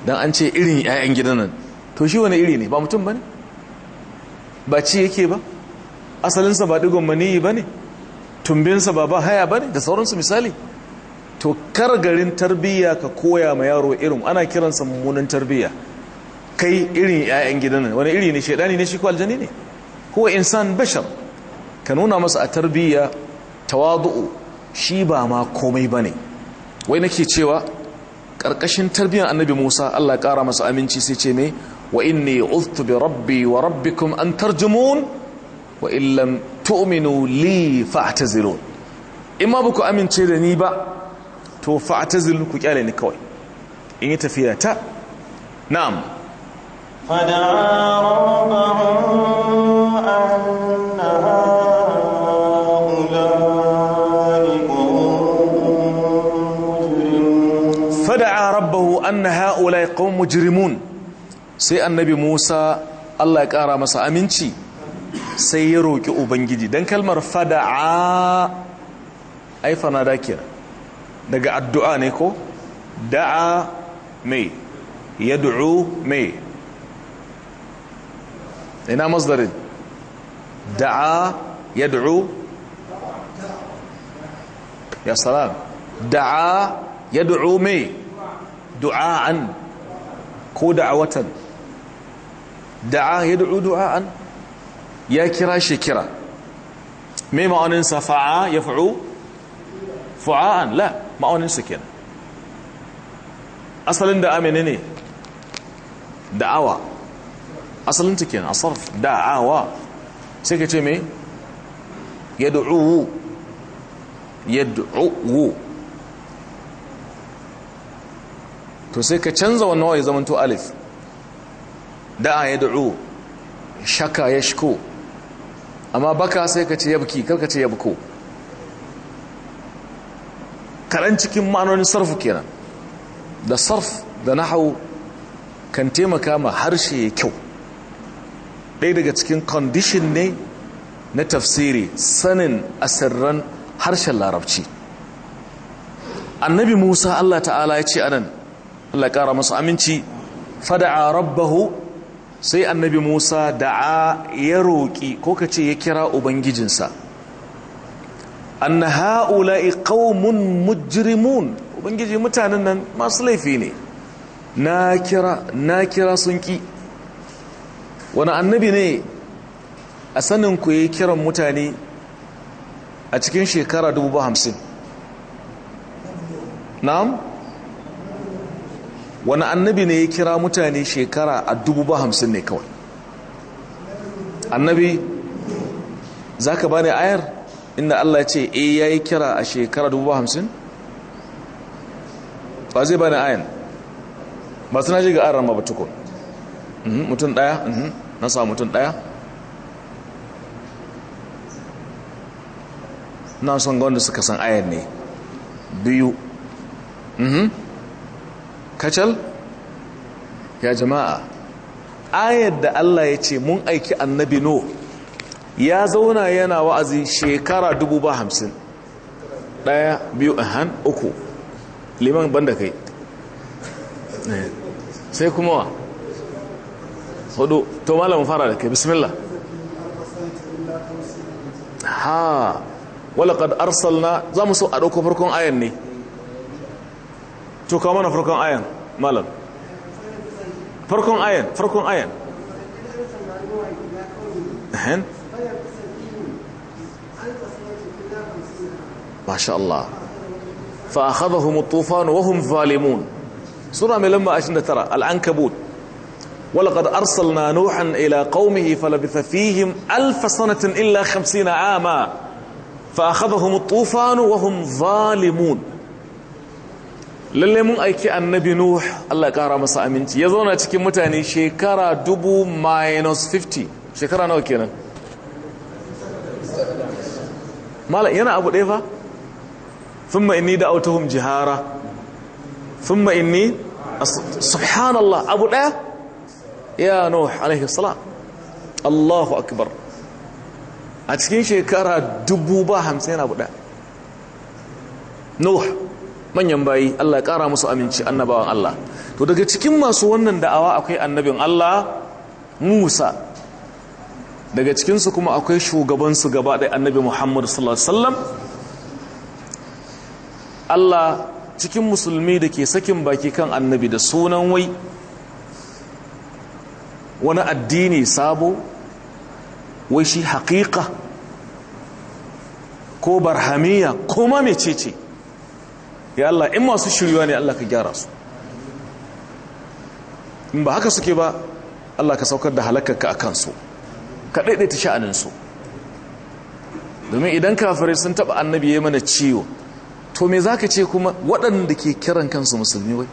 Speaker 2: don an ce irin 'ya'yan gidan nan to shi wani iri ne ba mutum ba ne ba ci yake ba asalinsa ba digon mani ba ne tumbinsa ba ba haya ba ne da sauransu misali to kar garin tarbiyya ka koya ma yaro irin ana kiransa mummunan tarbiyya kai irin 'ya'yan gidan nan wani iri ne shaidani ne shi ko aljani ne ko insan bashar ka nuna masa a tarbiyya tawadu'u shi ba ma komai ba ne. wai nake cewa karkashin tarbiyyar annabi Musa Allah kara masa aminci sai ce me wa inni uztu bi rabbi wa rabbikum an tarjumun wa illam tu'minu li fatazilu in ma baku amince da ni ba to fatazilu ku kyale ni kawai in yi tafiya ta na'am rabbahu anna ha'ulai qawm mujrimun sai annabi Musa Allah ya kara masa aminci sai ya roki ubangiji dan kalmar fada'a ai fanada kenan daga addu'a ne ko da'a mai yad'u mai ina masdarin da'a yad'u ya salam da'a yad'u mai du'a'an ko da'awatan da'a ya du'u du'a'an ya kira shi kira mai ma'auninsa fa'a ya fa'u fa'a'an la ma'auninsa kenan asalin da amini ne da'awa asalin ta kenan asarf da'awa sai ka ce mai ya du'u ya to sai ka canza wannan ya zama to alif da'a ya da'u shaka ya shiko amma baka sai ka ce yabki karka ce yabko karan cikin ma'anonin sarfu kenan da sarf da nahawu kan taimaka ma harshe ya kyau ɗaya daga cikin condition ne na tafsiri sanin asirran harshen larabci annabi musa allah ta'ala ya ce anan Allah kara masa aminci fada'a rabbahu sai annabi Musa da'a ya roki ko kace ya kira ubangijinsa an ha'ula'i qaumun mujrimun ubangiji mutanen nan masu laifi ne na kira na kira sun ki wani annabi ne a sanin ku yi kiran mutane a cikin shekara 250 na'am wani annabi ne ya kira mutane shekara a dubu ba hamsin ne kawai annabi za ka bani ayar inda Allah ce e ya yi kira a shekara dubu ba hamsin ba zai bani ayar ba suna shiga ayar rama tukun mhm, mutum daya mhm, na samu mutum daya na son ga wanda suka san ayar ne biyu mhm. kacal ya jama'a ayar da Allah ya ce mun aiki annabi no ya zauna yana wa'azi shekara dubu ba hamsin ɗaya biyu a han uku liman banda kai sai kuma wa hudu to malamin fara da kai bismillah ha walaƙad arsalna za mu so a ɗauko farkon ayan ne to كمان on from مالا malam from iron from iron ما شاء الله فاخذهم الطوفان وهم ظالمون سرنا لما اشنا ترى العنكبوت ولقد ارسلنا نوحا الى قومه فلبث فيهم الف سنه الا 50 عاما فاخذهم الطوفان وهم ظالمون lalle mun aiki annabi nuh Allah ya kara masa aminci ya zauna cikin mutane shekara dubu minus 50 shekara nawa kenan mala yana abu ɗaya fa thumma inni da'awtuhum jihara thumma inni subhanallah abu ɗaya ya nuh alayhi salam Allahu akbar a cikin shekara dubu ba hamsin abu ɗaya nuh manyan bayi Allah ya kara musu aminci annabawan Allah to daga cikin masu wannan da'awa akwai annabin Allah Musa daga cikinsu kuma akwai shugabansu gaba da annabi Muhammad sallallahu alaihi Allah cikin musulmi da ke sakin baki kan annabi da sunan wai wani addini sabo wai shi haƙiƙa ko barhamiya ko ma mecece ce ya Allah in masu shiryuwa ne Allah ka gyara su in ba haka suke ba Allah ka saukar da halakarka a kansu ka ɗaiɗaita sha'aninsu domin idan kafirai sun taɓa annabi ya mana ciwo to me ka ce kuma waɗanda ke kiran kansu musulmi wai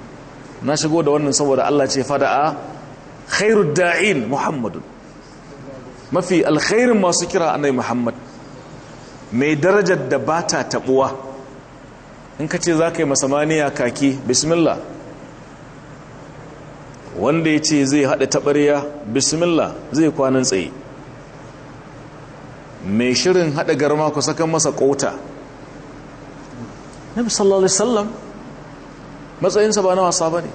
Speaker 2: na shigo da wannan saboda Allah ce fada a khairu da'in muhammadun mafi alkhairin masu kira annabi muhammad mai darajar da ba ta taɓuwa in ka ce za ka yi masamaniya kaki bismillah wanda ya ce zai haɗa taɓarya bismillah zai kwanan tsaye mai shirin haɗa garma ku sakan masa ƙota na sallallahu alaihi matsayinsa ba na wasa ba ne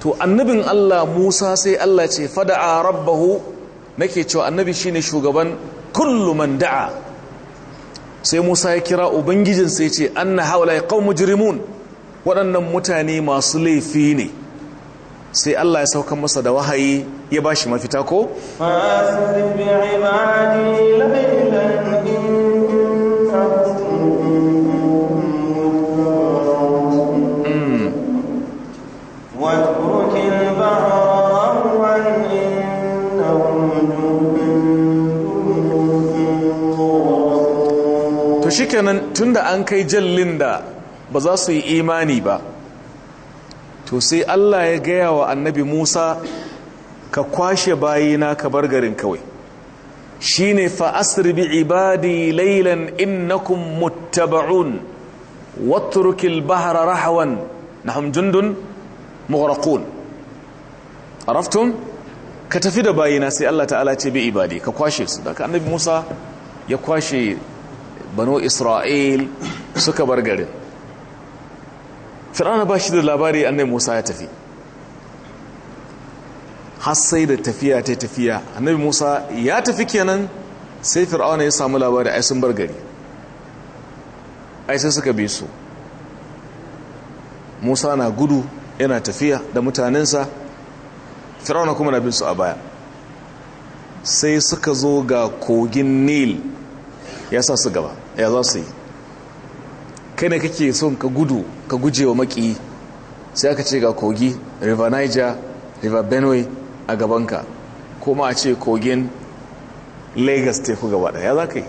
Speaker 2: to annabin allah musa sai allah ce fada'a rabbahu nake cewa annabi shine shugaban kullum da'a sai Musa ya kira ubangijin sai ce na haula kawo mujirimun waɗannan mutane masu laifi ne sai Allah ya sauka masa da wahayi ya ba shi mafita ko
Speaker 1: fasir bi ibadi
Speaker 2: to kenan tunda an kai jallin da ba za su yi imani ba to sai Allah ya gaya wa annabi Musa ka kwashe bayina ka bar garin kawai shine fa asri bi ibadi laylan innakum muttaba'un watrukil bahra rahwan nahum jundun mughraqun araftum ka tafi da bayina sai Allah ta'ala ce bi ibadi ka kwashe su da annabi Musa ya kwashe banu isra'il suka bar garin fir'auna ba shi da labari annai musa ya tafi har sai da tafiya ta tafiya annabi musa ya tafi kenan sai fir'auna ya samu labari ai sun bar gari ai sai suka bi su musa na gudu yana tafiya da mutanensa fir'auna kuma na bin su a baya sai suka zo ga kogin nil ya sa su gaba ya za su yi kai ne kake son ka gudu ka guje wa maki sai aka ce ga kogi river niger river benue a gabanka kuma a ce kogin lagos teku gaba daya za ka yi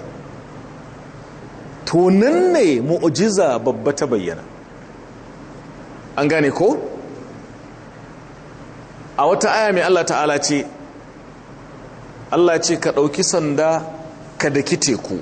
Speaker 2: tunan ne mu'ujiza babba ta bayyana an gane ko a wata aya mai allah ta'ala ce allah ce ka ɗauki sanda ka daki teku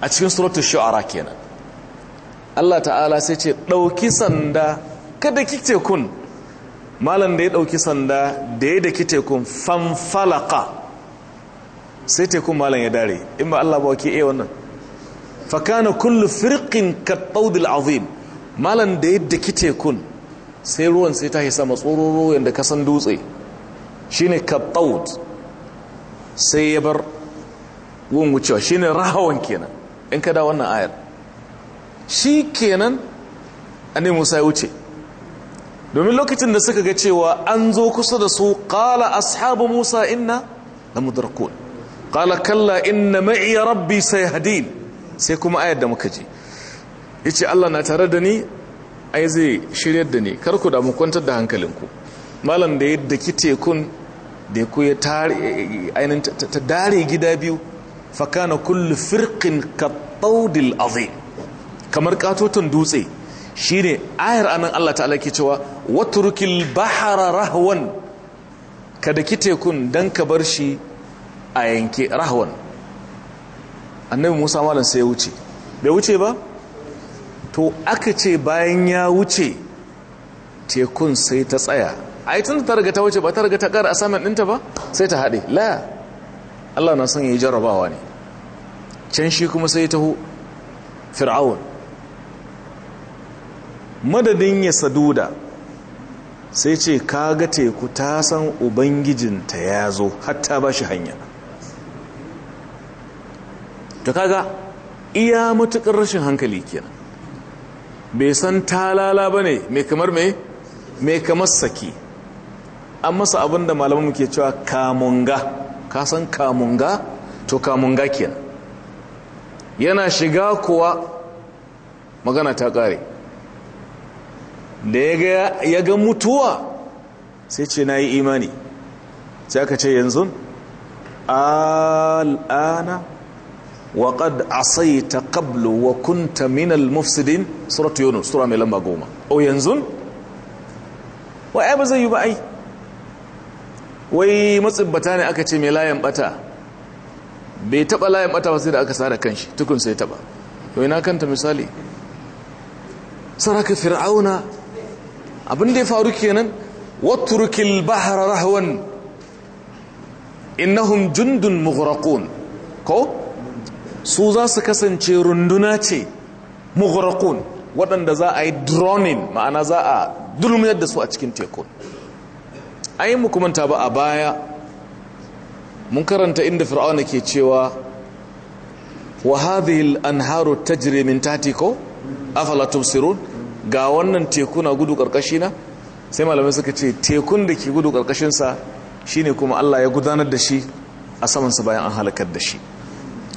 Speaker 2: a cikin suratul shu'ara kenan Allah ta'ala sai ce ɗauki sanda kada ki tekun malam da ya ɗauki sanda da ya te tekun fanfalaka sai tekun malam ya dare in ba Allah ba ke iya wannan fakana kullu firqin kattaudil azim malam da ya te tekun sai ruwan sai ta hisa matsororo yadda ka san dutse shine kattaud sai ya bar wun wucewa shine rahawan kenan in kada wannan ayar shi kenan annabi musa ya wuce domin lokacin da suka ga cewa an zo kusa da su kala ashabu musa inna lamudrakun qala kalla inna ma'i rabbi sai hadin. sai kuma ayar da muka ji ce Allah na tare da ni ai zai shiryar da ni kar ku da mukwantar da hankalinku malam da ya daki tekun da ya kuya ta dare gida biyu fakana kullu firqin kattaudil azim kamar katotun dutse shine ayar anan Allah ta'ala ke cewa watrukil bahara rahwan kada kitekun dan ka bar shi a yanke rahwan annabi Musa malam sai ya wuce bai wuce ba to aka ce bayan ya wuce tekun sai ta tsaya ai tun ta riga ta wuce ba ta riga ta kara saman ɗinta ba sai ta haɗe la Allah na son ya yi jarrabawa ne can shi kuma sai taho fir'aun madadin ya saduda sai ce ga teku ta san ubangijinta ya zo hatta ba shi hanya to kaga iya matuƙar rashin hankali kenan bai san talala ba ne mai kamar mai mai kamar saki an masa abinda malamun ke cewa kamunga ka san kamunga to kamunga kenan yana shiga kuwa magana ta kare da ya ga mutuwa sai ce na yi imani sai aka ce yanzu al'ana wa asai ta qablu wa kunta minal mufsidin suratu yunus sura mai lamba goma o yanzu wa ba zai yi ba ai wai matsibbata ne aka ce mai layan bata bai taba layan bata ba sai da aka sa sada kanshi tukun sai taba to ina kanta misali saraka fir'auna abin da ya faru kenan watrukil bahra rahwan innahum jundun mughraqun ko su za su kasance runduna ce mughraqun waɗanda za a yi droning ma'ana za a dulmiyar da su a cikin tekun ai mu ta ba a baya mun karanta inda fir'auna ke cewa wa hadhihi al-anharu tajri min tahtiko afala tubsirun ga wannan tekuna gudu karkashi sai malamai suka ce tekun da ke gudu karkashin sa shine kuma Allah ya gudanar da shi a saman sa bayan an halakar da shi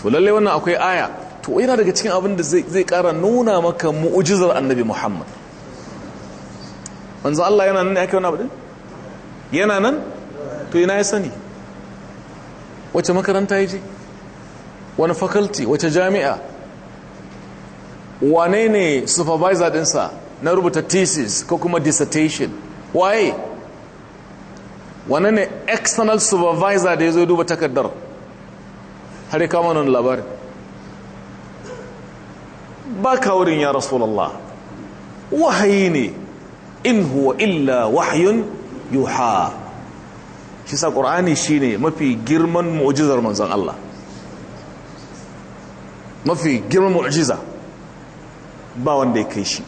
Speaker 2: to lalle wannan akwai aya to yana daga cikin abin da zai kara nuna maka mu'ujizar annabi Muhammad manzo Allah yana nuna yake wani wannan abin yana nan to ina ya sani wace makaranta ya je wani faculty wace jami'a wane ne supervisor dinsa na rubuta thesis ko kuma dissertation waye wane ne external supervisor da ya zo duba takardar har kama labarin ba wurin ya rasulallah wahayi ne in huwa illa wahyun yuha shi sa shine shi ne mafi girman mu'ujizar manzan Allah mafi girman mu'ujiza ba wanda ya kai shi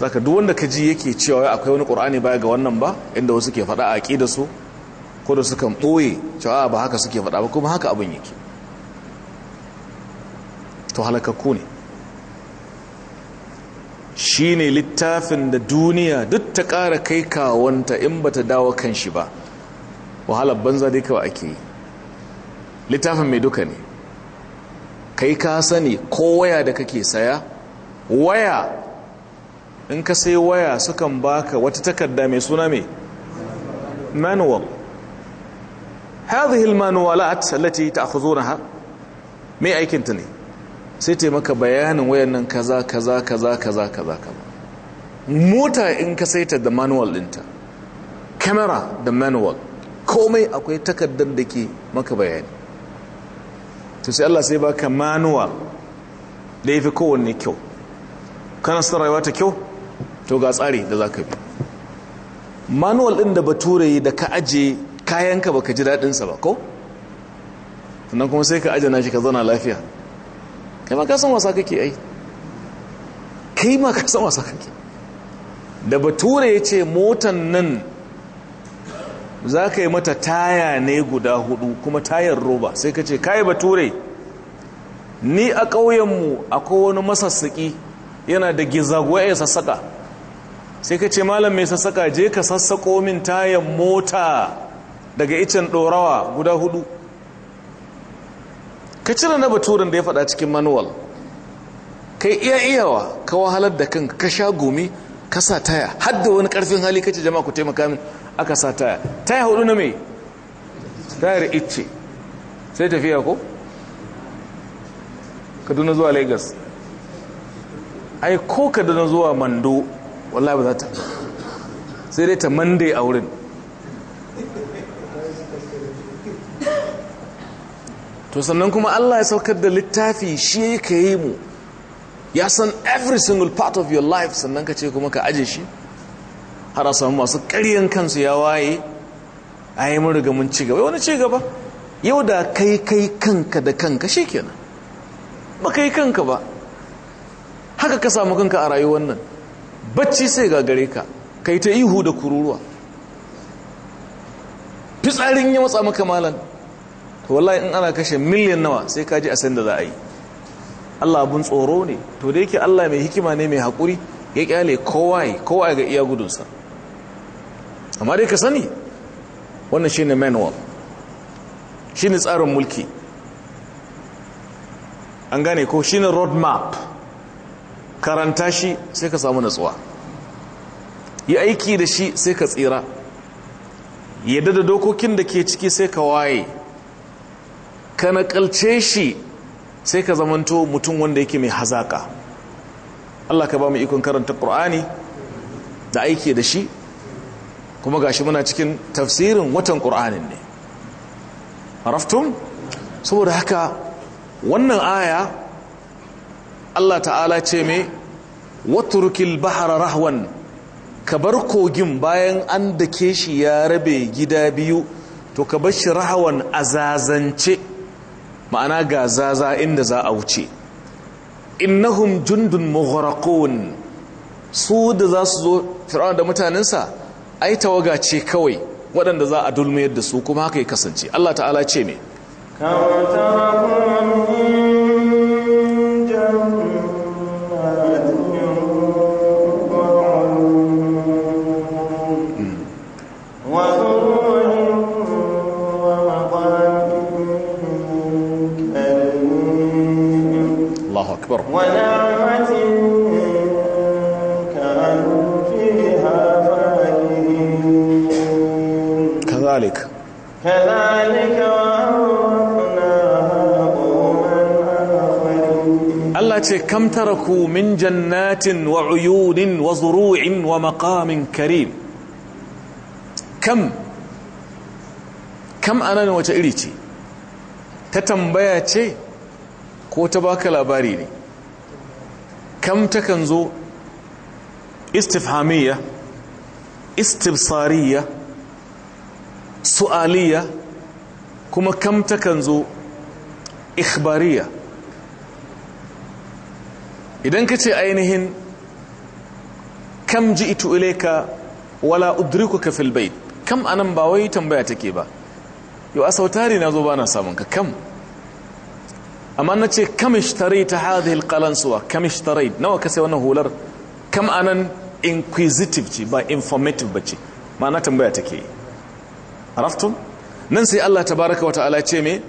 Speaker 2: ka duk wanda ka ji yake cewa akwai wani ƙur'ani baya ga wannan ba inda wasu ke fada a da su ko da sukan ɓoye cewa ba haka suke fada ba kuma haka abin yake to halakakku ne shine littafin da duniya duk ta ƙara kai kawanta in bata dawo kan shi ba wahalar banza dai kawai ake yi littafin mai duka ne kai ka sani ko waya da kake saya waya in ka sai waya sukan baka wata takarda mai suna mai manual hadhihi almanualat allati ta'khuzunaha mai aikin ta ne sai ta maka bayanin wayan nan kaza kaza kaza kaza kaza kaza mota in ka saita da manual dinta kamera da manual komai akwai takardar da ke maka bayani to sai Allah sai baka manual da yafi kowanne kyau kana son rayuwa ta kyau to ga tsari da zaka bi manual din da bature da ka aje kayanka baka ji dadin sa ba ko sannan kuma sai ka aje nashi ka zauna lafiya kai ma ka san wasa kake ai kai ma ka san wasa kake da bature ya ce motan nan za ka yi mata taya ne guda hudu kuma tayar roba sai ka ce kai bature ni a ƙauyenmu akwai wani masassaki yana da gizagwa ya sassaƙa sai ka ce malam mai sassaƙa je ka sassako min tayan mota daga icen ɗorawa guda hudu ka cire na baturen da ya faɗa cikin manuwal kai iya iyawa ka wahalar da kanka ka sha gumi ka sa taya har da wani karfin hali kace jama'a ku taimaka min aka sa taya taya hudu na me tayar icce sai tafiya ko kaduna zuwa lagos ai ko kaduna zuwa mando wallahi ba za ta sai dai ta mande a wurin to sannan kuma Allah ya saukar da littafi shi ya yi mu ya san every single part of your life sannan ka ce kuma ka aje shi har a samu masu ƙaryan kansu ya waye a yi mun riga mun cigaba. wani cigaba. yau da kai kai kanka da kanka shi kenan ba kai kanka ba haka ka samu kanka a rayuwar nan bacci sai gagare ka kai ta ihu da kururuwa fitsarin ya matsa maka malam to wallahi in ana kashe miliyan nawa sai ka ji a san da za a yi Allah abun tsoro ne to da yake Allah mai hikima ne mai haƙuri ya kyale kowa kowa ga iya gudunsa amma dai ka sani wannan shi ne manual ne tsarin mulki an gane ko ne road map karanta shi sai ka samu natsuwa yi aiki da shi sai ka tsira yadda da dokokin da ke ciki sai ka waye ka nakalce shi sai ka zamanto mutum wanda yake mai hazaƙa Allah ka ba mu ikon karanta Qur'ani da aiki da shi kuma gashi muna cikin tafsirin watan Qur'anin ne raftun saboda haka wannan aya Allah ta'ala ce me waturkil bahara rahwan ka bar kogin bayan an dake shi ya rabe gida biyu to ka bar shi rahawan zazance ma'ana ga zaza inda za a wuce innahum jundun mughraqun su da za su zo fir'auna da mutanensa ai tawaga ce kawai waɗanda za a dulmayar da su kuma haka ya kasance Allah ta'ala ce me كم تركوا من جنات وعيون وزروع ومقام كريم كم كم انا وجه إليتي تتم تتمبايا تي كو تباك لاباري كم تكنزو استفهاميه استبصاريه سؤاليه كما كم تكنزو اخباريه idan ka ce ainihin kam ji itu ileka wala udriku fil bait kam anan ba wai tambaya take ba yau a sautari na zo ba na samun ka kam amma na ce kam ishtarai ta hadhihi alqalansuwa kam ishtarai nawa ka sai wannan hular kam anan inquisitive ce ba informative bace ma'ana tambaya take araftum nan sai Allah tabaraka wata ala ce me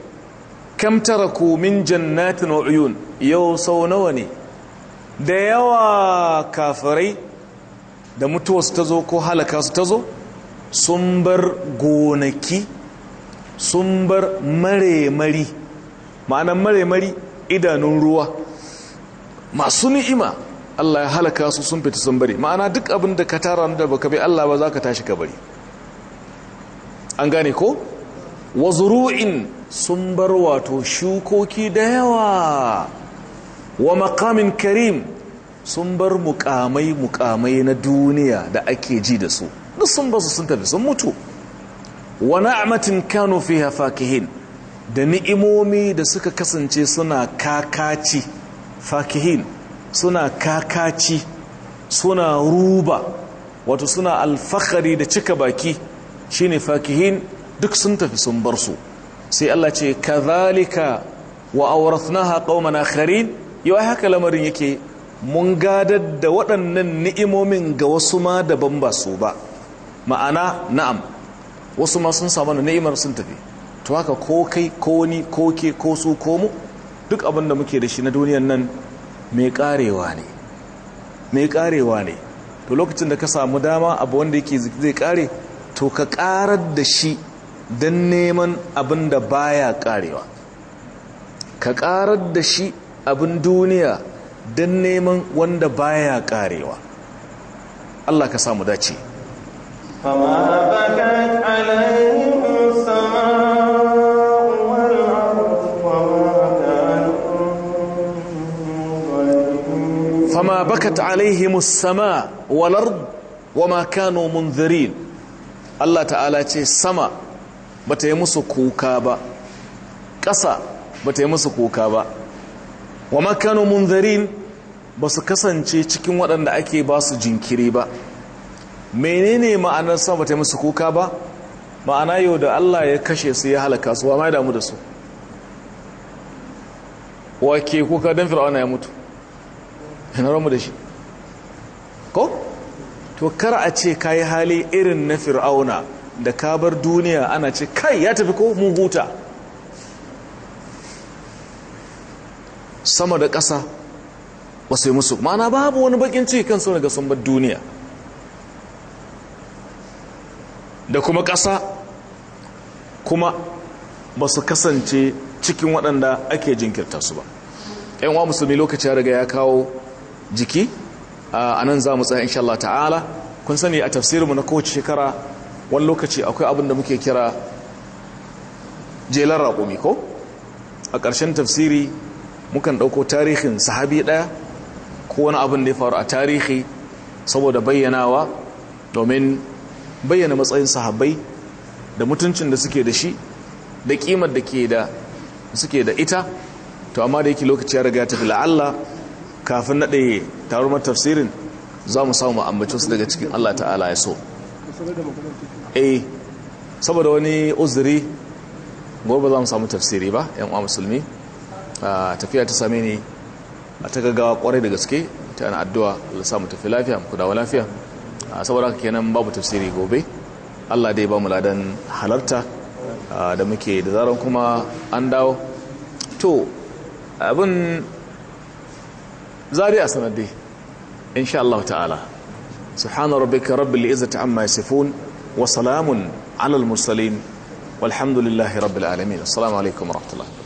Speaker 2: kam taraku min jannatin wa yau sau nawa ne da yawa kafirai da su ta zo ko halaka su ta zo sun bar gonaki sun bar maremari ma'ana maremari idanun ruwa masu ni'ima Allah ya halaka su sun fita sun bari ma'ana duk abin da ka tara da baka bi Allah ba za ka tashi ka bari an gane ko wa sun bar wato shukoki da yawa wa makamin karim sun bar mukamai mukamai na duniya da ake ji da su duk sun basu sun tafi sun mutu wa na'matin kanu fiha fakihin da ni'imomi da suka kasance suna kakaci fakihin suna kakaci suna ruba wato suna alfakari da cika baki shine fakihin duk sun tafi sun bar su sai Allah ce kadhalika wa awrathnaha qauman akharin yau ai haka lamarin yake mun gadar da waɗannan ni'imomin ga wasu ma daban ba su ba ma'ana na'am wasu ma sun samu ni'imar sun tafi to haka ko kai ko wani ko ke ko su ko mu duk abin da muke da shi na duniyan nan mai karewa ne mai karewa ne to lokacin da ka samu dama abu wanda yake zai kare to ka karar da shi don neman abin da baya karewa ka karar da shi abin duniya don neman wanda baya karewa Allah ka samu dace فما بكت عليهم السماء والأرض وما ce sama bata yi musu kuka ba ƙasa bata yi musu kuka ba wa makanu munzarin ba su kasance cikin waɗanda ake ba su jinkiri ba menene ma'anar sa bata musu kuka ba ma'ana yau da Allah ya kashe su ya halaka su wa ma damu da su wa ke kuka don fir'auna ya mutu yana ramu da shi ko to kar a ce ka yi hali irin na fir'auna da ka bar duniya ana ce kai ya tafi ko mun huta sama da ƙasa ba sai musu ma'ana babu wani bakin ciki kan su daga sambar duniya da kuma ƙasa kuma ba su kasance cikin waɗanda ake jinkirta su ba yan wa musulmi lokaci ya riga ya kawo jiki a nan za mu tsaya insha Allah ta'ala kun sani a tafsirinmu na kowace shekara wani lokaci akwai abin da muke kira jelar raƙumi ko a ƙarshen tafsiri mukan ɗauko tarihin sahabi ɗaya ko wani abin da ya faru a tarihi saboda bayyanawa domin bayyana matsayin sahabbai da mutuncin da suke da shi da kimar da ke da suke da ita to amma da yake lokaci ya riga tafi la'alla kafin na naɗe tarumar tafsirin za mu samu ambacin wasu daga cikin Allah ta'ala ya so eh saboda wani uzuri gobe za mu samu tafsiri ba yan uwa musulmi tafiya ta same ni a ta gaggawa kwarai da gaske ta ana addu'a Allah samu tafi lafiya mu dawo lafiya saboda haka kenan babu tafsiri gobe Allah dai ba mu ladan halarta da muke da zaron kuma an dawo to abin zari a sanadi insha Allah ta'ala subhana rabbika rabbil izzati amma yasifun wa salamun alal mursalin walhamdulillahi rabbi رب assalamu alaikum wa rahmatullahi